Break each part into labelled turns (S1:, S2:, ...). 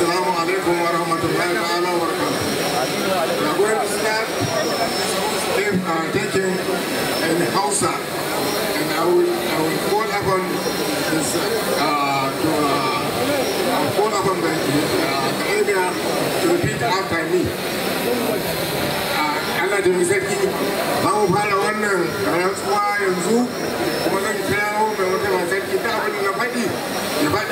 S1: Assalamu alaikum wa rahmatullahi wa going to start if, uh, taking in Hausa.
S2: And I will, I will call upon this, uh, to, uh, I will call upon the, uh, the area to repeat after me. Uh, Allah da sarki, ba mu fara wannan rantsuwa yanzu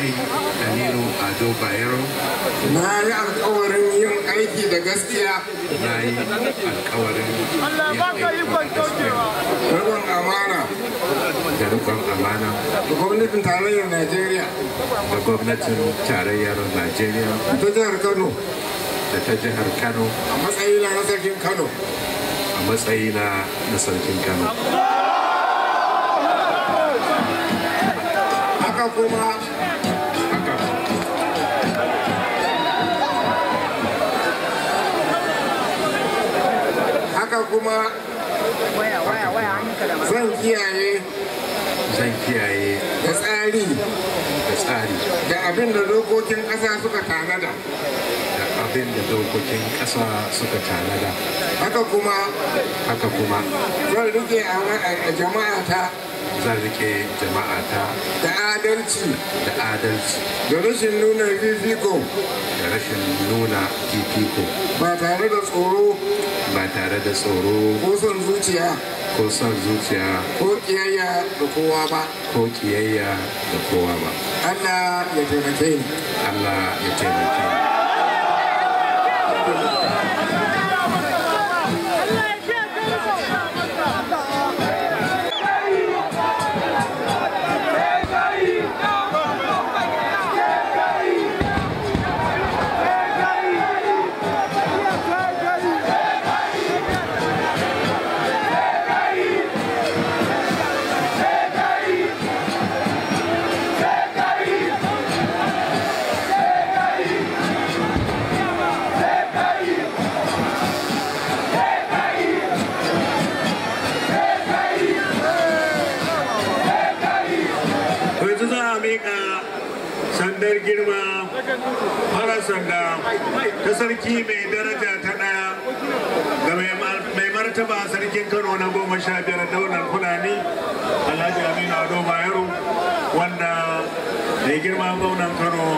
S2: ai Aminu Ado Bayero. Na yi alkawarin yin aiki
S1: da gaskiya. Na yi alkawarin yin aiki da gaskiya. Rikon amana.
S2: Da rikon amana. Da gwamnatin tarayyar Najeriya.
S3: Da gwamnatin tarayyar Najeriya.
S2: Ta jihar Kano.
S3: Da ta jihar Kano. A
S2: matsayina na sarkin Kano.
S3: A matsayina na sarkin Kano. Haka kuma
S2: kuma zan kiyaye
S3: zan kiyaye
S2: da tsari da tsari da abin da dokokin ƙasa suka tanada
S3: da abin da dokokin ƙasa suka tanada
S2: haka kuma haka kuma zan rike a jama'ata
S3: zan rike ta.
S2: da adalci
S3: da adalci da rashin nuna fifiko da rashin nuna fifiko ba tare da tsoro ba tare da tsoro ko son zuciya ko son zuciya
S2: ko kiyayya da kowa ba
S3: ko kiyayya da kowa ba Allah ya taimake Allah ya taimake
S4: sanda ta sarki mai daraja ta ɗaya ga mai martaba sarkin kano na goma sha biyar daular fulani alhaji aminu ado bayero wanda mai girma gwamnan kano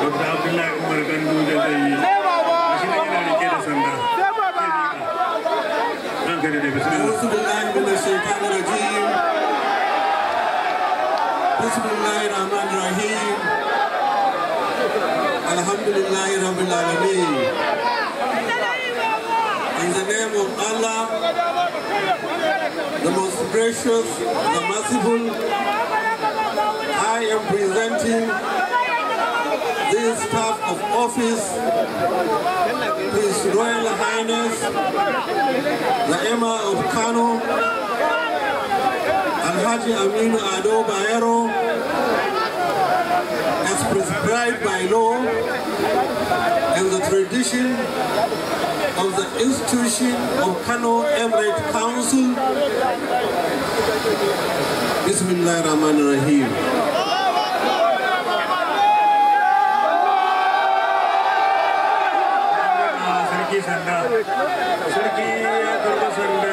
S4: dr abdullahi
S5: umar gandu da zai yi
S6: أعوذ بالله من الشيطان الرجيم بسم الله الرحمن الرحيم Alhamdulillah Rabbil Alameen.
S4: In the name of Allah, the most gracious, the merciful, I am presenting
S1: this staff of office, His Royal Highness, the
S4: Emma of Kano, Alhaji Aminu Ado Bayero, as prescribed by law and the tradition of the institution of Kano Emirate Council.
S1: Bismillah Rahman Rahim.
S5: Sarki sanda, sarki ya karba sanda,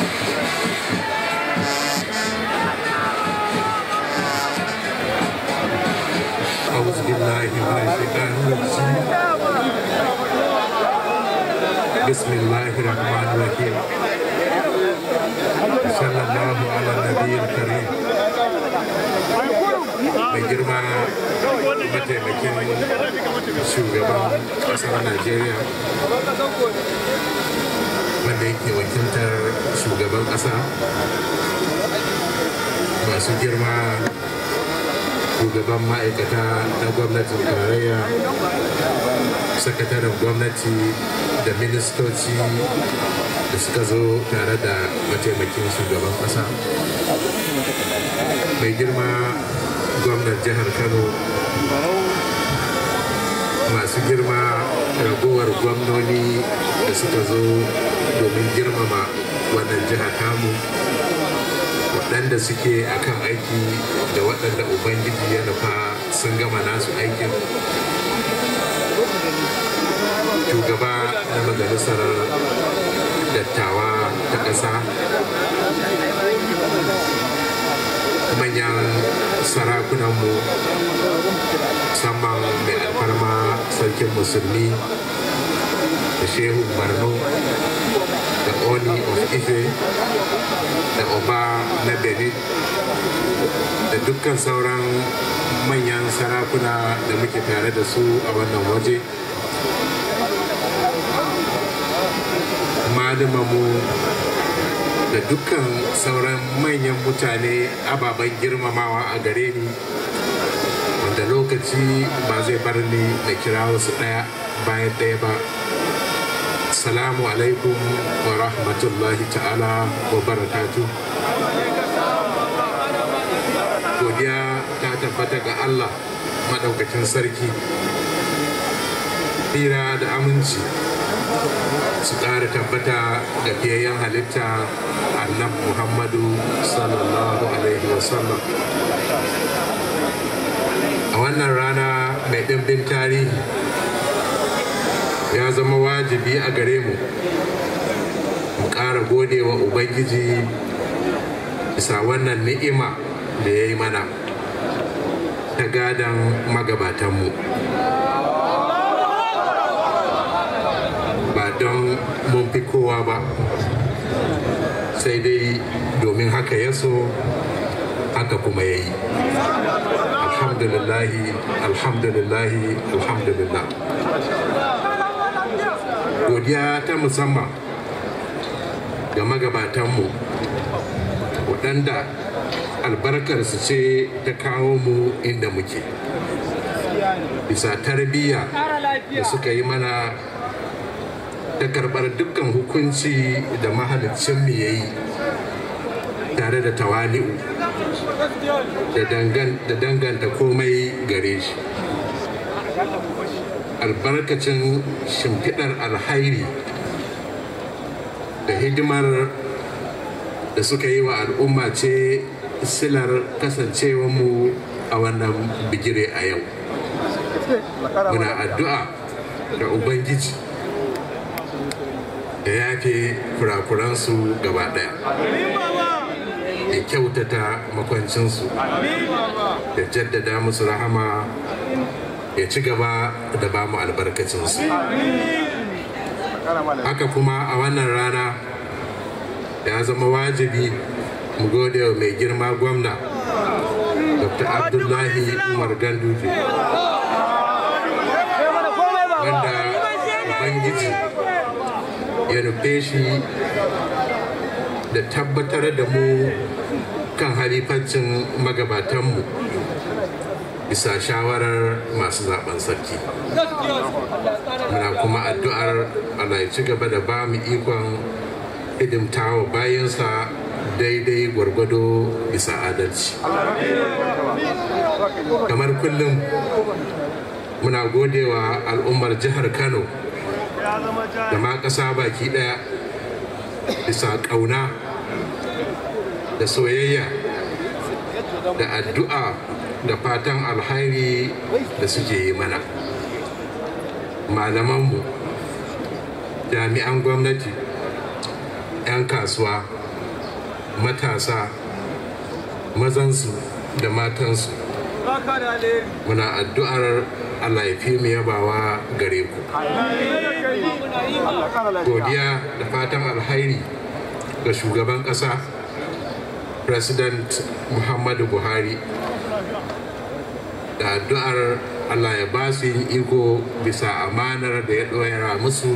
S3: الله من الرجيم بسم الله الرحمن الرحيم صلى الله على النبي الكريم mataimakin shugaban najeriya wanda shugaban ƙasa masu girma shugaban ma'aikata na gwamnatin tarayya sakataren gwamnati da ministoci da suka zo tare da mataimakin shugaban ƙasa mai girma gwamnan jihar kano masu girma ragowar gwamnoni da suka zo domin girmama wannan jihar kamu waɗanda suke akan aiki da waɗanda ubangiji ya nufa sun gama nasu aikin shugaba na majalisar dattawa ta ƙasa manyan sarakunanmu musamman mai alfarma sarkin musulmi da shehu barno the Oni of Ife, da Oba na Benin, da dukkan sauran manyan sarakuna da muke tare da su a wannan waje. Malamanmu da dukkan sauran manyan mutane ababen girmamawa a gare ni wanda lokaci ba zai bar ni da kira wasu ɗaya bayan ɗaya ba. assalamu alaikum wa rahmatullahi ta'ala wa barakatu godiya ta tabbata ga allah maɗaukacin sarki hira da aminci su ƙara tabbata da fiyayyen halitta allah muhammadu sallallahu alaihi wasallam a wannan rana mai ɗimbin tarihi ya zama wajibi a gare mu mu ƙara gode wa ubangiji bisa wannan ni'ima da ya yi mana ta gadon magabatanmu ba don mun fi kowa ba sai dai domin haka ya so haka kuma ya yi alhamdulillahi alhamdulillahi alhamdulillah godiya ta musamman ga magabatanmu waɗanda albarkarsu ce ta kawo mu inda muke bisa tarbiyya da suka yi mana ta karɓar dukkan hukunci da mahaliccinmu ya yi tare da tawali'u da danganta komai gare shi albarkacin shimfiɗar alhairi da hidimar da suka yi wa al'umma ce silar kasancewarmu a wannan bigire a yau muna addu'a da ubangiji da yafe kurakuransu gaba ɗaya da kyautata makwancinsu da jaddada musu rahama ya ci gaba da ba mu albarkacinsu haka kuma a wannan rana ya zama wajibi mu gode wa mai girma gwamna dr abdullahi umar ganduje wanda ubangiji ya nufe shi da tabbatar da mu kan halifancin magabatanmu bisa shawarar masu zaben sarki muna kuma addu'ar allah ya ci gaba da ba mu ikon hidimtawa bayansa daidai gwargwado bisa adalci kamar kullum muna godewa al'ummar jihar kano da ma ƙasa baki ɗaya bisa ƙauna da soyayya da addu'a da fatan alhairi da suke yi mana malamanmu jami'an gwamnati 'yan kasuwa matasa mazansu da matansu muna addu'ar alaifi mu yabawa gare ku godiya da fatan alhairi ga shugaban ƙasa president muhammadu buhari da addu'ar allah ya ba su yin iko bisa amanar da ya ɗoyara musu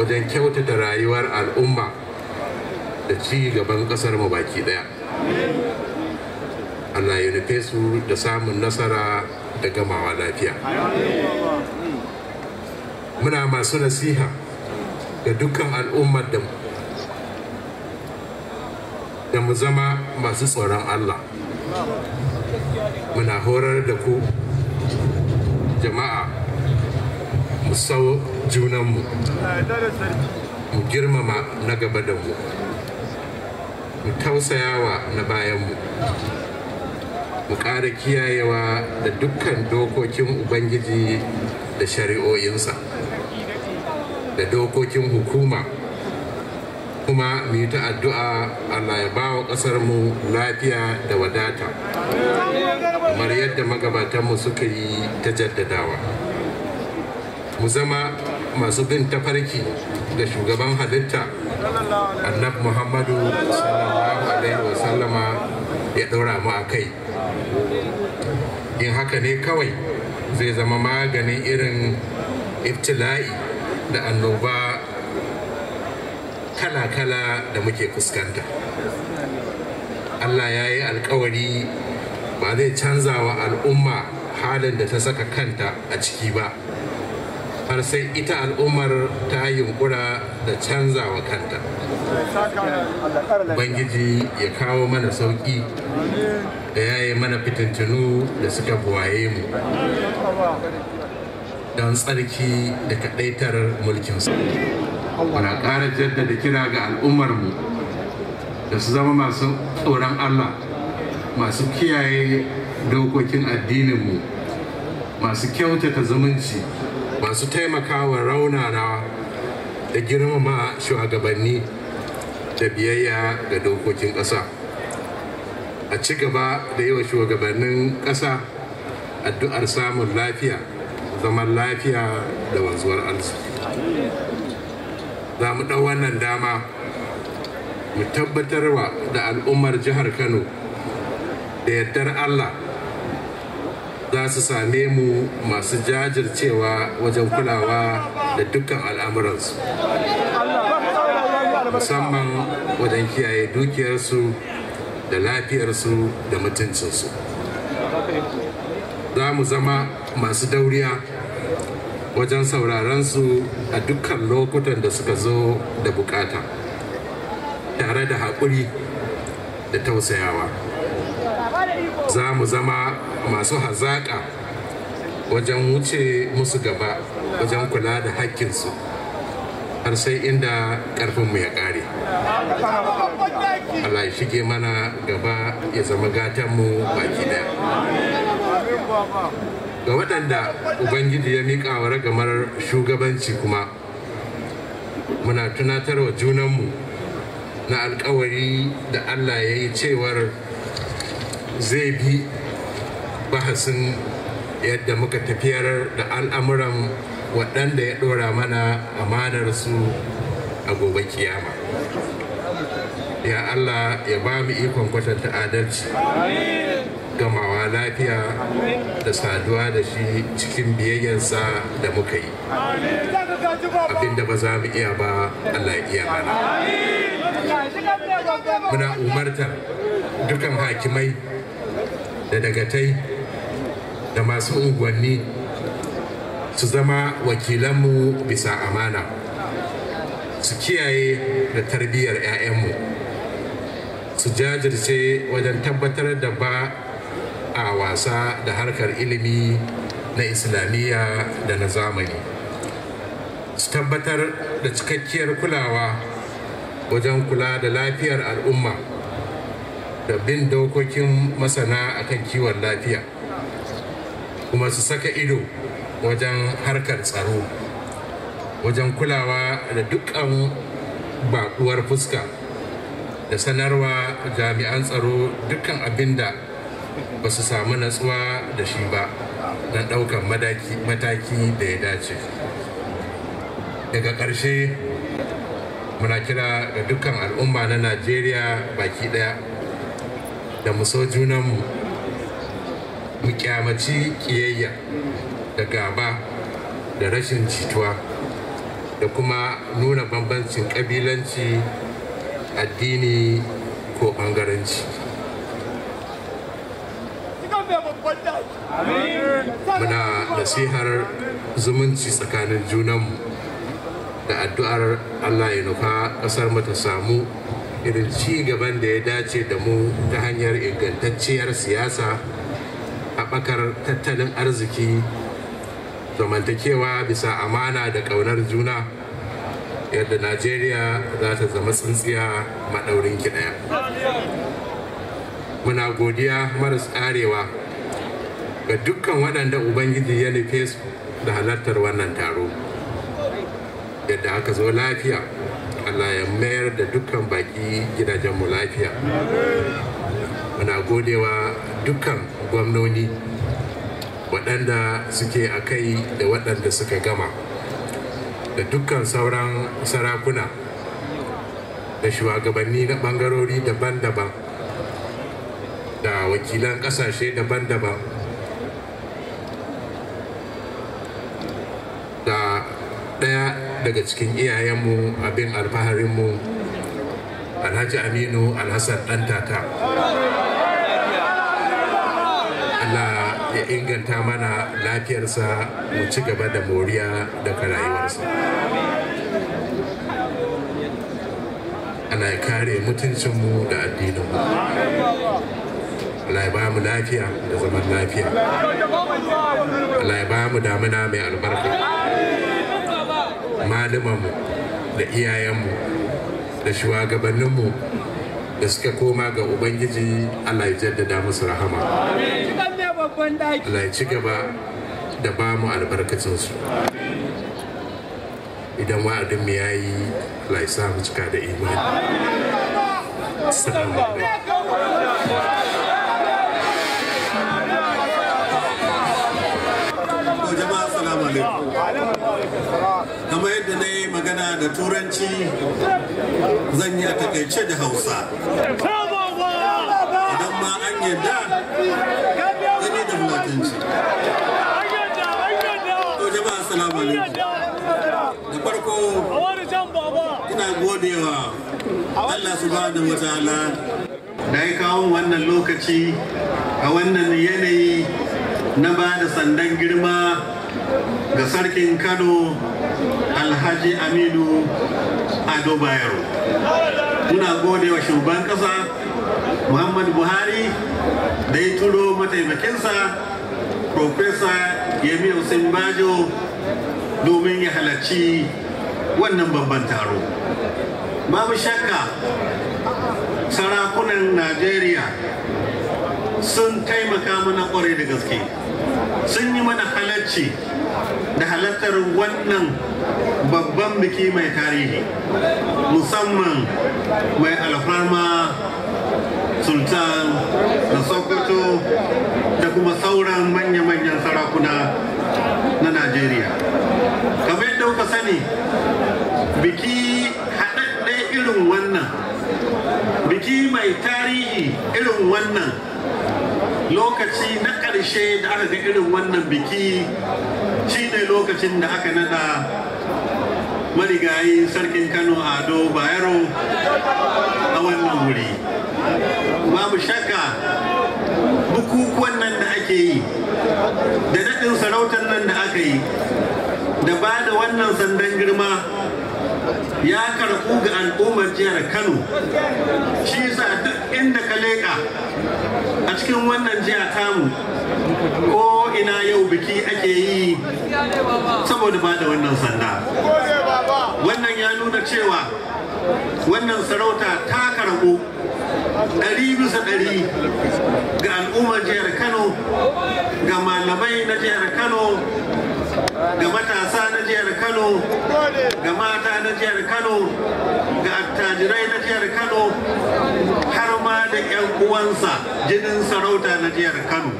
S3: wajen kyautata rayuwar al'umma da ci gaban ƙasar mu baki ɗaya allah ya nufe su da samun nasara da gamawa lafiya muna masu nasiha ga dukkan al'ummar da da mu zama masu tsoron allah muna horar da ku jama'a mu sau junanmu mu girmama na gaba da mu mu tausayawa na bayanmu mu ƙara kiyayewa da dukkan dokokin ubangiji da shari'o'insa da dokokin hukuma kuma mu yi ta addu'a Allah ya bawa ƙasar mu lafiya da wadata kamar yadda mu suka yi ta jaddadawa mu zama masu bin tafarki da shugaban halitta annab muhammadu sallallahu alaihi sallama ya ɗora mu a kai in haka ne kawai zai zama maganin irin ibtila'i da annoba kala-kala da muke fuskanta allah ya yi alkawari ba zai canza wa al'umma halin da ta saka kanta a ciki ba har sai ita al'ummar ta yunkura da canza wa kanta Bangiji ya kawo mana sauki da ya yi mana fitintunu da suka buwaye mu don tsarki da kaɗaitar mulkinsu Muna ƙara jaddada kira ga al'ummarmu da su zama masu tsoron allah masu kiyaye dokokin addininmu masu kyautata zumunci masu taimakawa raunana da girmama shugabanni da biyayya ga dokokin ƙasa a ci gaba da yawa shugabannin ƙasa addu'ar samun lafiya zaman lafiya da wanzuwar arziki za mu ɗau wannan dama mu tabbatar wa da al'ummar jihar kano da yardar allah za su same mu masu jajircewa wajen kulawa da dukkan al'amuransu musamman wajen kiyaye dukiyarsu da lafiyarsu da mutuncinsu za mu zama masu dauriya wajen sauraron su a dukkan lokutan da suka zo da bukata tare da haƙuri da tausayawa za mu zama masu hazaƙa wajen wuce musu gaba wajen kula da haƙƙinsu har sai inda ƙarfinmu ya ƙare Allah ya shige mana gaba ya zama gatanmu baki daya ga waɗanda ubangiji ya miƙa wa ragamar shugabanci kuma muna tunatar tunatarwa junanmu na alkawari da allah ya yi cewar zai bi bahasin yadda muka tafiyar da al'amuran waɗanda ya ɗora mana amanar su a gobe kiyama ya allah ya ba mu ikon kwatanta adalci gamawa lafiya da saduwa da shi cikin biyayyarsa da muka yi abinda ba za mu iya ba Allah ya iya mana muna umartar dukan hakimai da dagatai da masu unguwanni su zama wakilanmu bisa amana su kiyaye da tarbiyyar 'ya'yanmu su jajirce wajen tabbatar da ba a wasa da harkar ilimi na islamiyya da na zamani su tabbatar da cikakkiyar kulawa wajen kula da lafiyar al'umma da bin dokokin masana akan kiwon lafiya kuma su saka ido wajen harkar tsaro wajen kulawa da dukkan baƙuwar fuska da sanarwa jami'an tsaro dukkan abin da ba su samu natsuwa da shi ba don ɗaukar mataki da ya dace daga ƙarshe muna kira ga dukkan al'umma na najeriya baki ɗaya da mu so junanmu mu kyamaci ƙiyayya da gaba da rashin jituwa da kuma nuna bambancin ƙabilanci addini ko ɓangaranci.
S5: muna
S3: nasihar zumunci tsakanin junanmu da addu'ar allah ya nufa ƙasar mu ta samu irin ci gaban da ya dace da mu ta hanyar ingantacciyar siyasa haɓakar tattalin arziki zamantakewa bisa amana da ƙaunar juna yadda najeriya za ta zama tsintsiya maɗaurin kiɗaya. muna godiya maras ƙarewa ga dukkan waɗanda ubangiji ya nufe su da halartar wannan taro yadda aka zo lafiya allah ya mayar da dukkan baki gidajenmu lafiya muna godewa dukkan gwamnoni waɗanda suke a kai da waɗanda suka gama da dukkan sauran sarakuna da shugabanni na ɓangarori daban-daban da wakilan ƙasashe daban-daban daga cikin iyayenmu abin alfaharinmu alhaji aminu alhassan dan tata allah ya inganta mana lafiyarsa mu ci gaba da moriya da rayuwarsa allah ya kare mutuncinmu da addininmu Allah ya ba mu lafiya da zaman lafiya. Allah ya ba mu damina mai albarka. malumanmu da iyayenmu da shugabanninmu da suka koma ga ubangiji allah ya jaddada musu rahama allah ci gaba da ba mu albarkacinsu idan wa'adin ya yi allah ya mu cika da imani
S4: da turanci zan yi a takaice da hausa idan ma an yadda zan yi da mulatanci to jama'a assalamu alaikum da farko ina godewa Allah subhanahu wa ta'ala da ya kawo wannan lokaci a wannan yanayi na ba da sandan girma ga sarkin kano alhaji aminu ado bayero muna gode wa shugaban kasa muhammadu buhari da ya turo mataimakinsa profesa yemi hussein bajo domin ya halarci wannan babban taro babu shakka sarakunan najeriya sun taimaka mana kwarai da gaske sun yi mana halarci da halartar wannan babban biki mai tarihi musamman mai alfarma sultan da sokoto da kuma sauran manya-manyan sarakuna na najeriya kamar yadda kuka sani biki haɗaɗɗe irin wannan biki mai tarihi irin wannan lokaci na ƙarshe da aka ga irin wannan biki shi ne lokacin da aka nada marigayi sarkin kano ado bayero a wannan wuri babu shakka bukukuwan nan da ake yi da daɗin sarautar nan da aka yi da ba da wannan sandan girma ya karɓu ga al'ummar jihar kano shi yasa duk inda ka leƙa a cikin wannan jiya tamu ko ina yau biki ake yi saboda ba da wannan sanda wannan ya nuna cewa wannan sarauta ta karɓo ɗari bisa ɗari ga al'ummar jihar kano ga malamai na jihar kano ga matasa na jihar kano ga mata na jihar kano ga attajirai na jihar kano har ma da 'yan uwansa jinin sarauta na jihar kano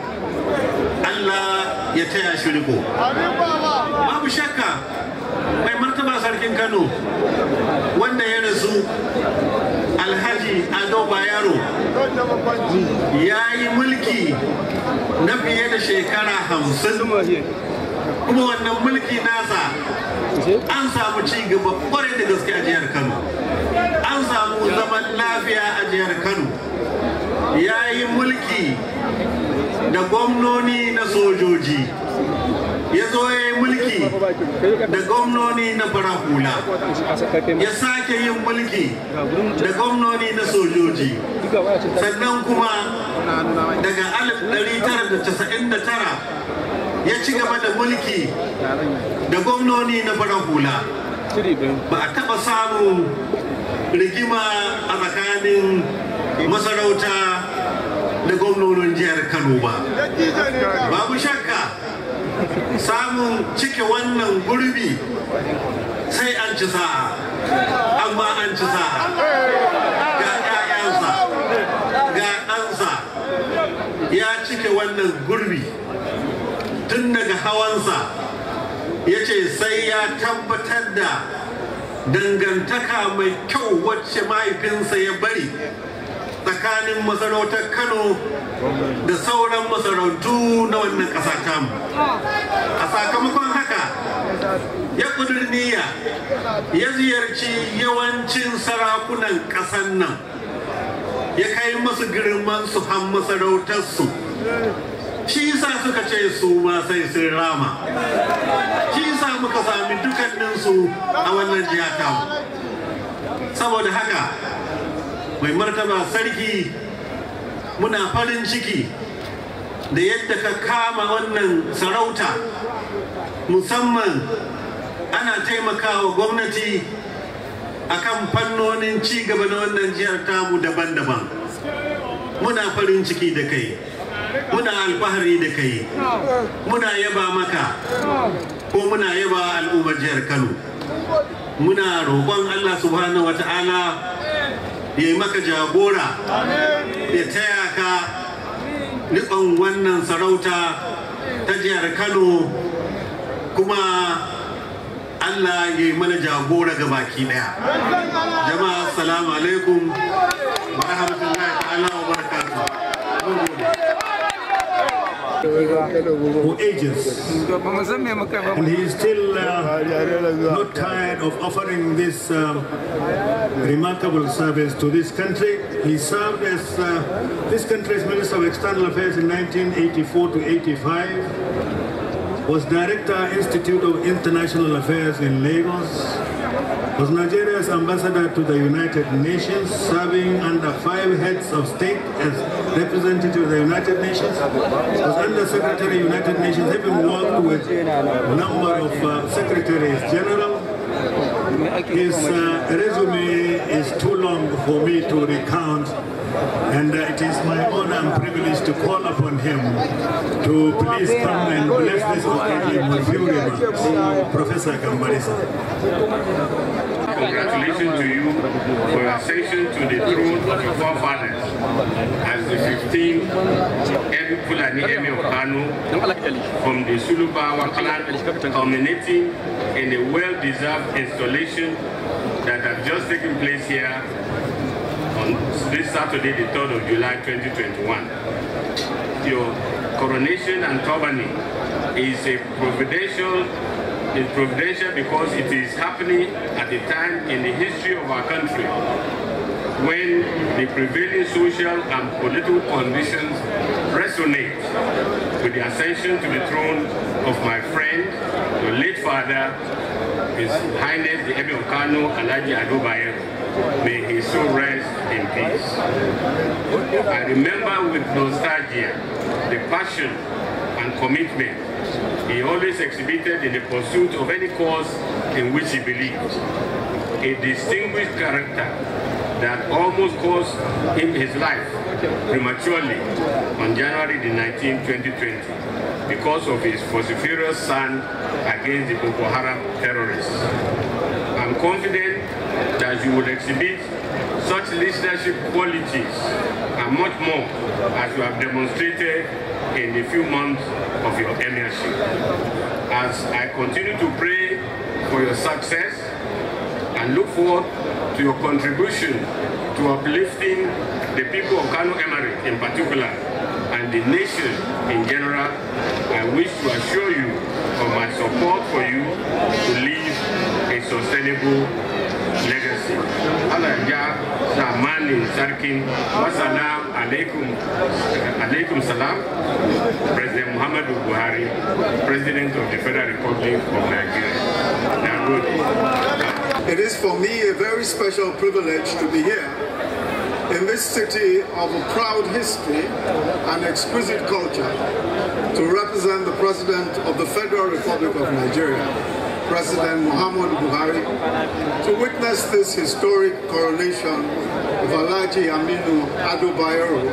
S4: Allah ya taya shi riko
S6: babu shakka
S4: mai martaba sarkin Kano wanda ya rasu alhaji ado bayero ya yi mulki na fiye da shekara hamsin kuma wannan mulki nasa an samu ci gaba kwarai da gaske a jihar kano an samu zaman lafiya a jihar kano ya yi mulki da gwamnoni na sojoji ya zo ya yi mulki da gwamnoni na barakula ya sake yin mulki da gwamnoni na sojoji sannan kuma daga 1999 ya ci gaba da mulki da gwamnoni na farahula ba a taba samu rigima a tsakanin masarauta da gwamnonin jihar kano ba babu shakka samun cike wannan gurbi sai an ci sa'a amma an ci sa'a
S6: ga ƴaƴansa ga ɗansa
S4: ya cike wannan gurbi tun daga hawansa ya ce sai ya tabbatar da dangantaka mai kyau wacce mahaifinsa ya bari tsakanin masarautar kano da sauran masarautu na wannan ƙasa a sakamakon haka ya niyya ya ziyarci yawancin sarakunan ƙasan nan ya kai masu girman su han masarautarsu shi sa suka ce su ma sai sun rama shi sa muka sami dukkaninsu a wannan jiya tamu saboda haka mai martaba sarki muna farin ciki da yadda ka kama wannan sarauta musamman ana taimakawa gwamnati akan fannonin ci gaba na wannan jihar tamu daban-daban muna farin ciki da kai muna alfahari da kai muna yaba maka ko muna yaba al'ummar jihar kano muna roƙon allah subhanahu wa ta'ala ya yi maka jagora ya taya ka nufin wannan sarauta ta jihar kano kuma allah ya yi mana jagora ga baki daya jama'a assalamu alaikum wa rahmatullahi ta'ala wa barakatuh for ages. And he is still uh, not tired of offering this um, remarkable service to this country. He served as uh, this country's Minister of External Affairs in 1984 to 85 was Director Institute of International Affairs in Lagos, was Nigeria's ambassador to the United Nations, serving under five heads of state as representative of the United Nations, was Undersecretary United Nations, having worked with a number of uh, Secretaries General. His uh, resume is too long for me to recount and uh, it is my honor and privilege to call upon him to please come and bless this occasion with few remarks. Professor Kambarisa
S2: congratulations to you for your ascension to the throne of your forefathers as the 15th Fulani Emir of Kanu from the Sulubawa clan, culminating in a well-deserved installation that has just taken place here this Saturday, the 3rd of July 2021. Your coronation and turbaning is a providential is providential because it is happening at a time in the history of our country when the prevailing social and political conditions resonate with the ascension to the throne of my friend, the late father, his Highness the Emir of Kano Alaji Adobayer. May he so rest in peace. I remember with nostalgia the passion and commitment he always exhibited in the pursuit of any cause in which he believed. A distinguished character that almost cost him his life prematurely on January the 19, 2020 because of his vociferous stand against the Boko Haram terrorists. I'm confident that you will exhibit such leadership qualities and much more as you have demonstrated in the few months of your emirship. As I continue to pray
S3: for your success
S2: and look forward to your contribution to uplifting the people of Kano Emirate in particular and the nation in general. I wish to assure you of my support for you to leave a sustainable legacy. Alaja Zamani Sarkin, Wassalam Alaikum, Alaikum Salam, President Muhammadu Buhari, President of the Federal Republic of Nigeria.
S1: It is for me a very special privilege to be here in this city of a proud history and exquisite culture to represent the President of the Federal Republic of Nigeria, President Muhammad Buhari, to witness this historic coronation of Alaji Aminu Adubayoru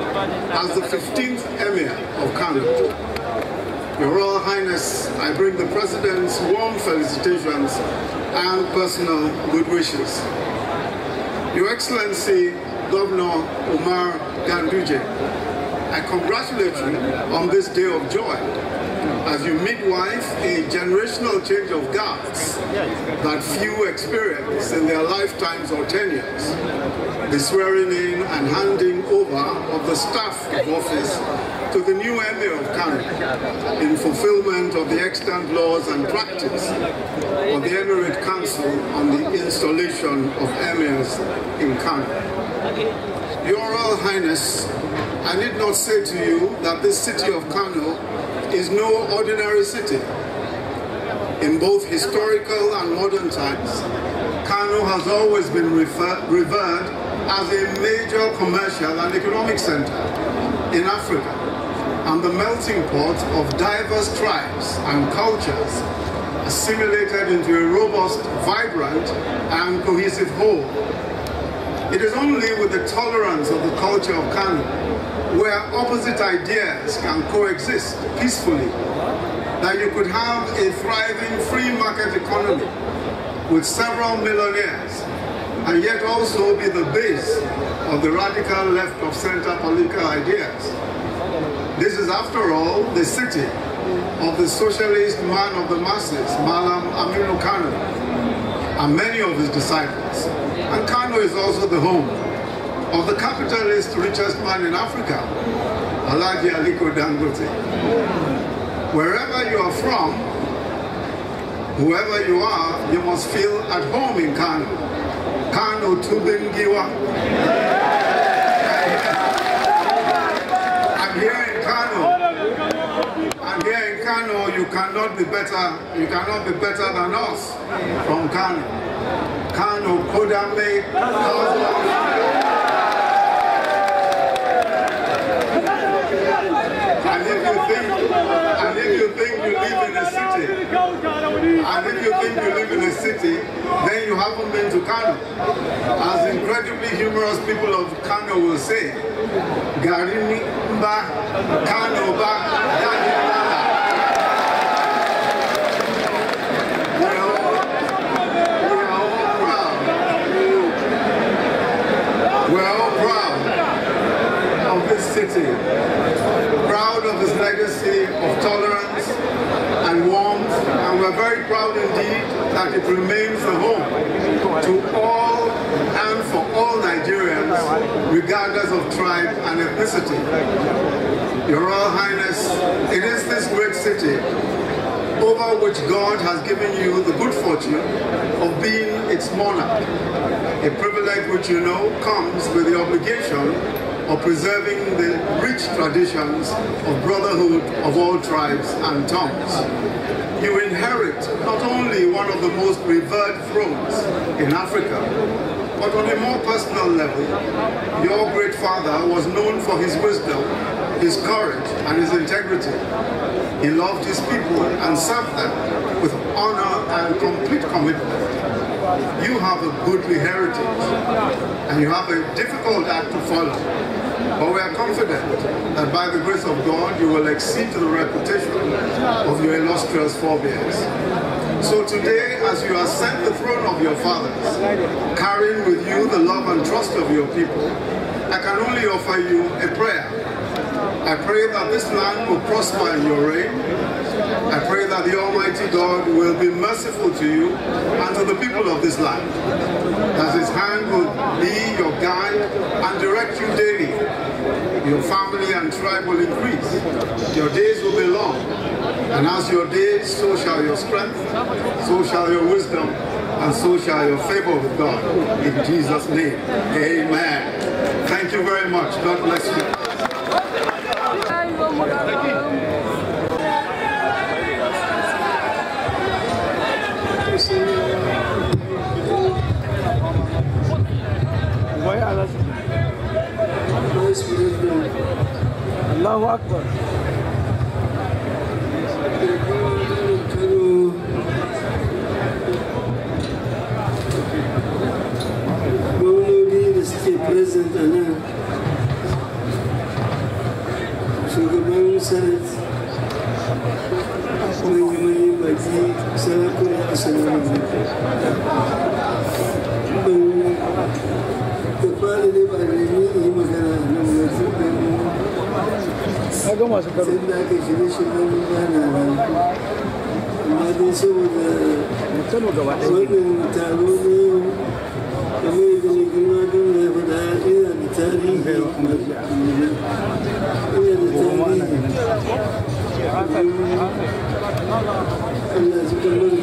S1: as the 15th Emir of Canada. Your Royal Highness, I bring the President's warm felicitations and personal good wishes. Your Excellency, Governor Omar Ganduje, I congratulate you on this day of joy as you midwife a generational change of guards that few experience in their lifetimes or tenures. The swearing in and handing over of the staff of office to the new area of Canada in fulfillment of the extant laws and practice of the Emirate Council on the installation of emirs in Canada. Your Royal Highness, I need not say to you that this city of Kano is no ordinary city. In both historical and modern times, Kano has always been revered as a major commercial and economic center in Africa and the melting pot of diverse tribes and cultures assimilated into a robust, vibrant, and cohesive whole. It is only with the tolerance of the culture of Kanu where opposite ideas can coexist peacefully that you could have a thriving free market economy with several millionaires and yet also be the base of the radical left of center political ideas this is, after all, the city of the socialist man of the masses, Malam Aminu Kano, and many of his disciples. And Kano is also the home of the capitalist richest man in Africa, Alaji Aliko Dangote. Wherever you are from, whoever you are, you must feel at home in Kano. Kano Tubengiwa. know you cannot be better, you cannot be better than us from Kano. Kano could have made. And if you think, and if you think you live in a city, and if you think you live in a city, then you haven't been to Kano. As incredibly humorous people of Kano will say, Garini Mba, Kano Ba, city. Proud of his legacy of tolerance and warmth, and we're very proud indeed that it remains a home to all and for all Nigerians, regardless of tribe and ethnicity. Your Royal Highness, it is this great city over which God has given you the good fortune of being its monarch, a privilege which you know comes with the obligation of preserving the rich traditions of brotherhood of all tribes and tongues. You inherit not only one of the most revered thrones in Africa, but on a more personal level, your great father was known for his wisdom, his courage, and his integrity. He loved his people and served them with honor and complete commitment you have a goodly heritage and you have a difficult act to follow. But we are confident that by the grace of God, you will exceed the reputation of your illustrious forebears. So today, as you ascend the throne of your fathers, carrying with you the love and trust of your people, I can only offer you a prayer. I pray that this land will prosper in your reign, I pray that the Almighty God will be merciful to you and to the people of this land, that his hand will be your guide and direct you daily. Your family and tribe will increase. Your days will be long. And as your days, so shall your strength, so shall your wisdom, and so shall your favor with God. In Jesus' name, amen. Thank you very much. God bless you. Allahu Akbar.
S6: Thank you. ka ga masu karo sai da aka shirye shiryen yana amma dai saboda kano gaba ɗaya wannan taro ne kamar yadda ne girma don ya faɗa yana da tarihi yana da tarihi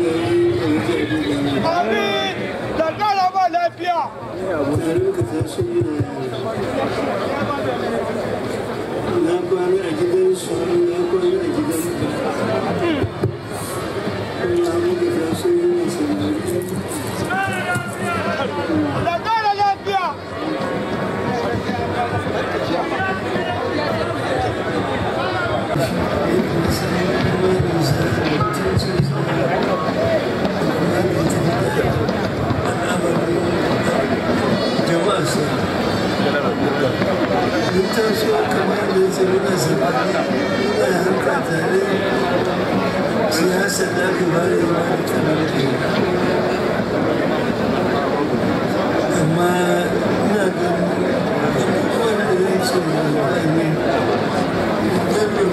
S6: Amin!
S5: Da ƙara ba lafiya!
S6: na kwana da gidan su na kwana a gidan ka Allah mu da sun yi masu الانتاج كمان لازم ينزل بما ينفع تعليم سياسة لكن هذه أما لكن هو الذي يصل إلى العالمين يدرب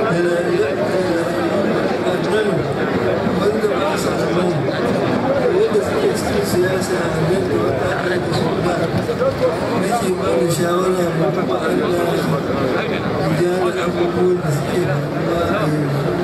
S6: على nan wanda ba sa nan wanda suke cikin siyasa a nan da wata ana da su ba nake ba da shawara ba kuma an da gyara abubuwan da suke a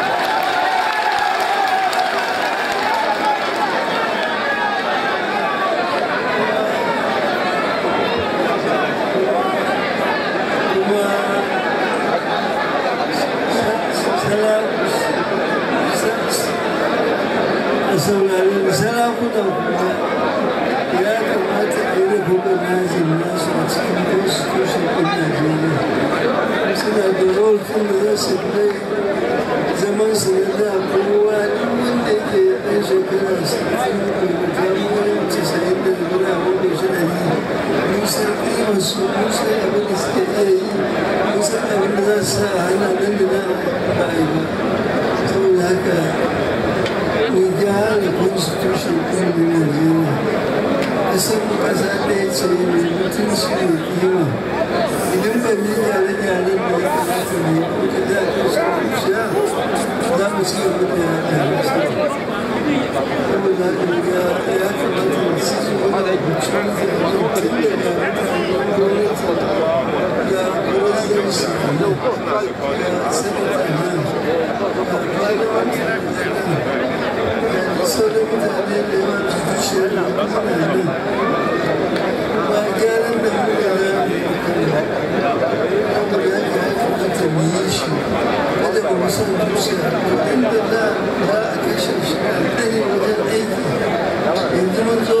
S6: صلى الله عليه وسلم يا كما تعرف منازل الناس وتستنقص تشرق النجيله سنة دول كل راس بلي زمان سنة قوة من ذيك ايش كلاس تسعين دولار ولا شيء مستقيم مستقيم بالاستعانة مستقيم بالناس أنا عندنا بعيد هكذا legal e constitucional criminal. Essa casadete multinscritiva. Idan ba mi gyare gyaren da ya kamata ne ko ta da ta zuciya za mu ci gaba da yaɗa masa. Saboda ga ya kamata masu zuwa da bincin da ya kamata da gwamnati ga gwamnatin su ga sanata nan. Ga gwamnatin Sarı mutane da yawa cikin da Ba gyaran da muka da wanda da ya haifar da yi shi. da a wajen aiki. Yanzu mun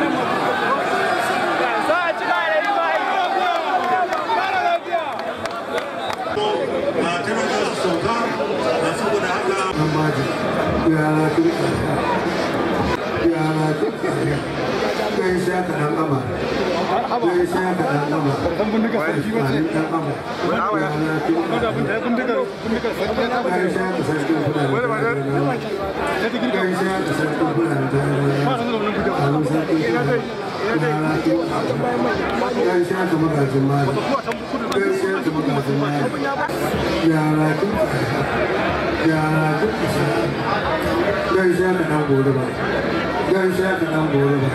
S4: yara duka yara duka kai sai ka dan kama da da ya duk isa ya isa ka nan gobe ba ya isa ka nan gobe ba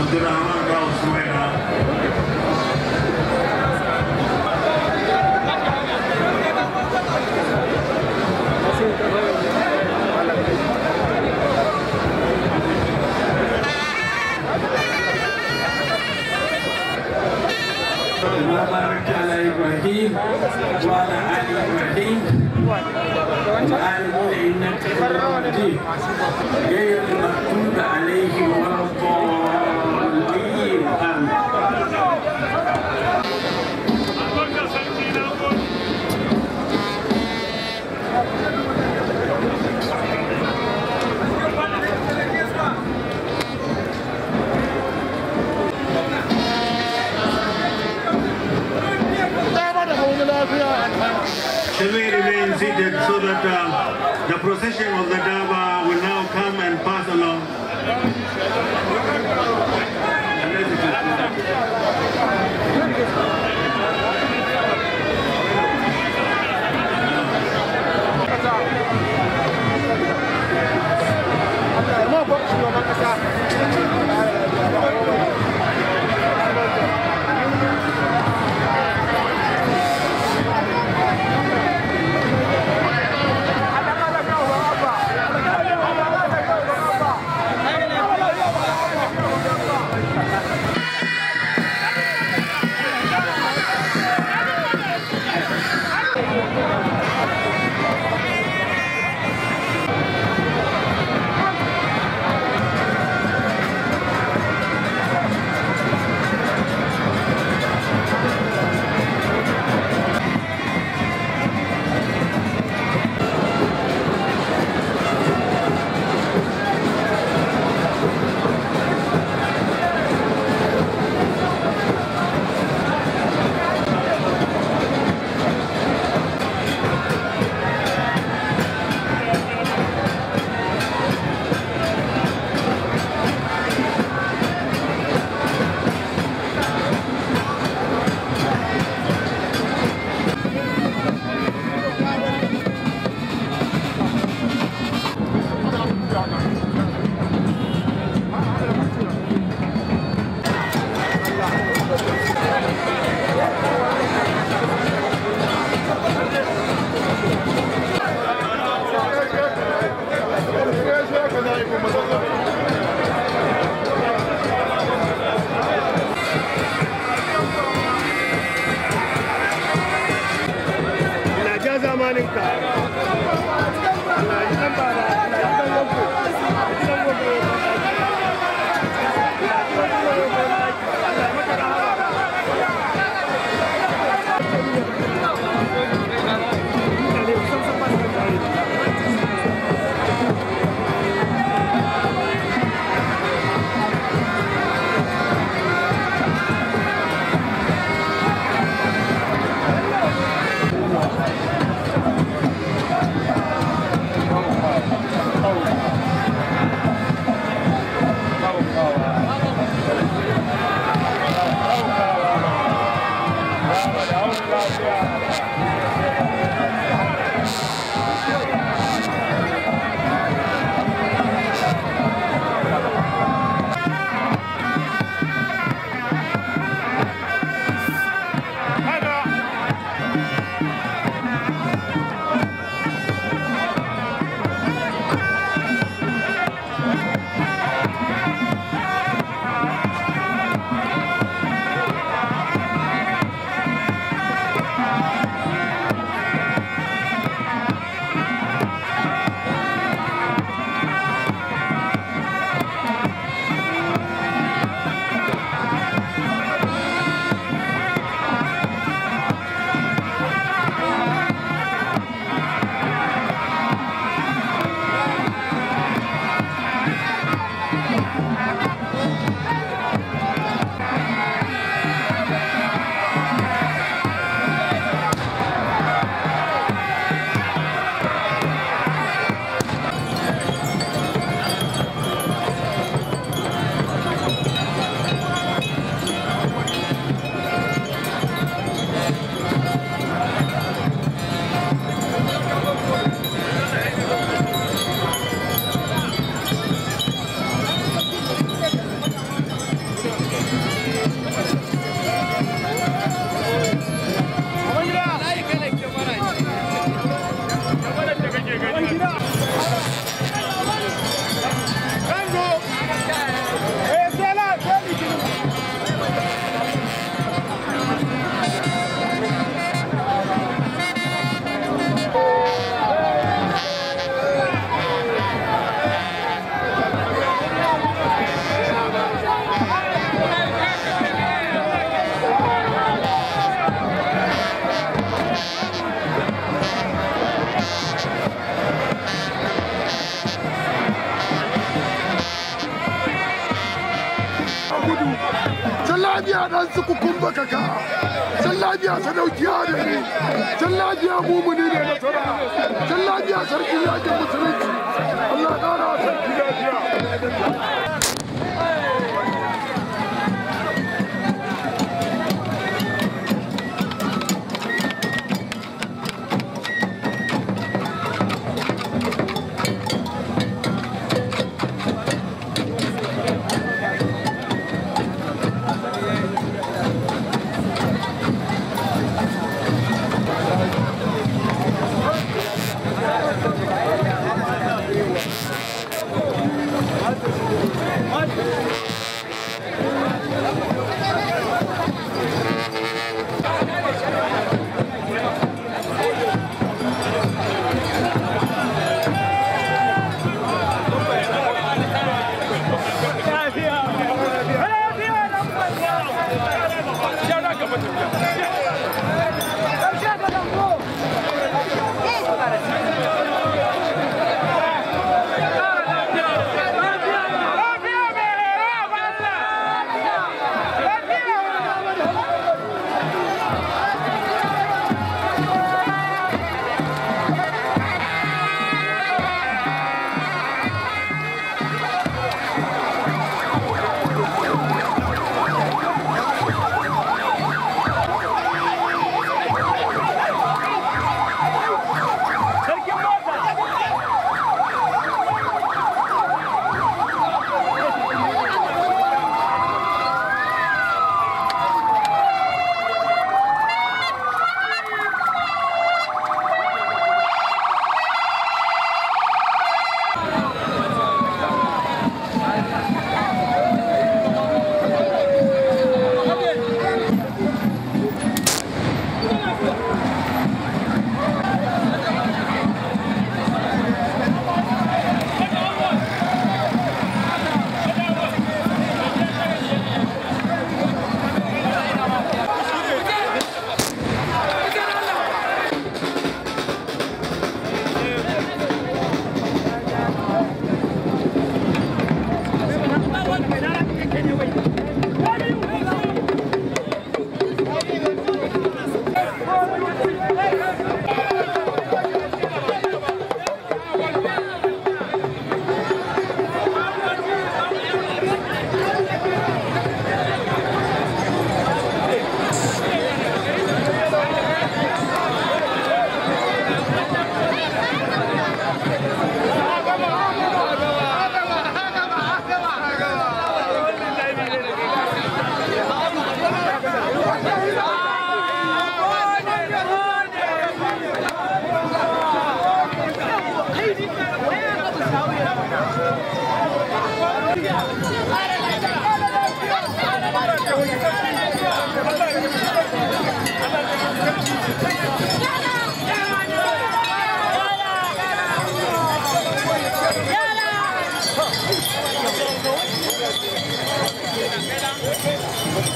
S4: Abdurrahman وبارك على إبراهيم وعلى آل إبراهيم وعلى آل إنك حميد مجيد غير مكتوب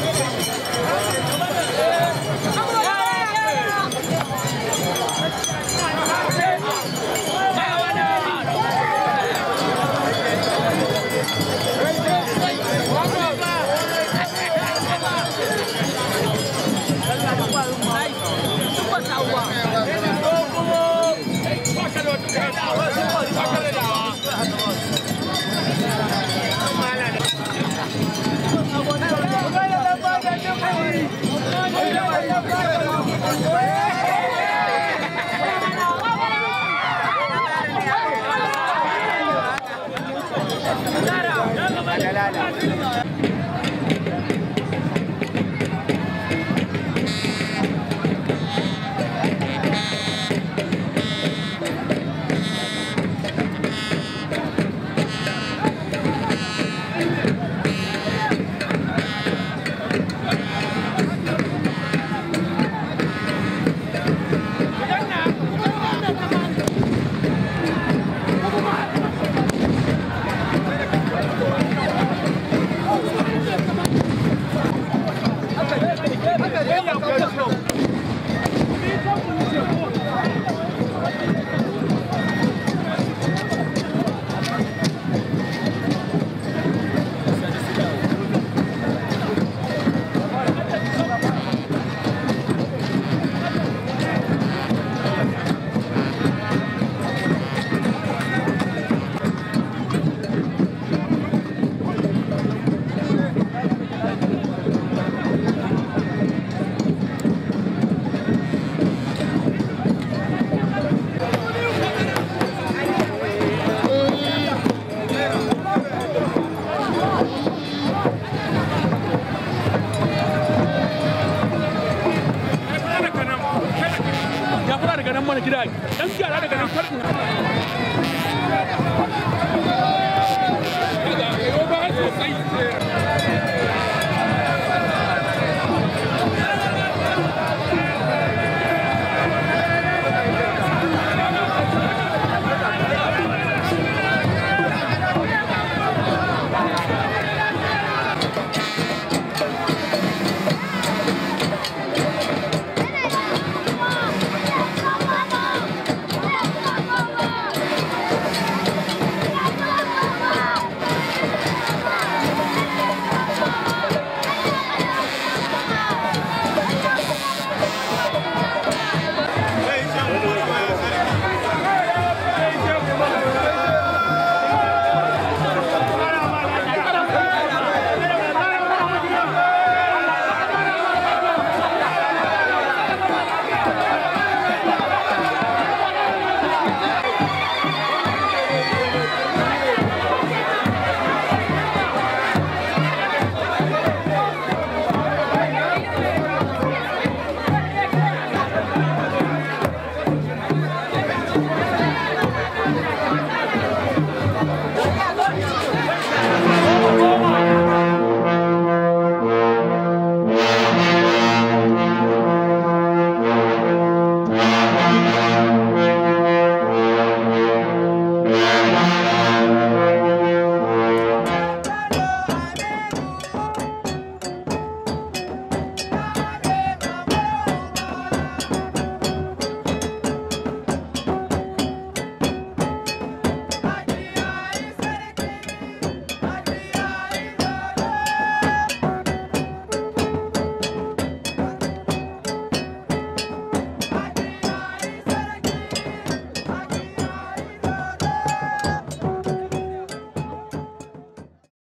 S5: Thank you.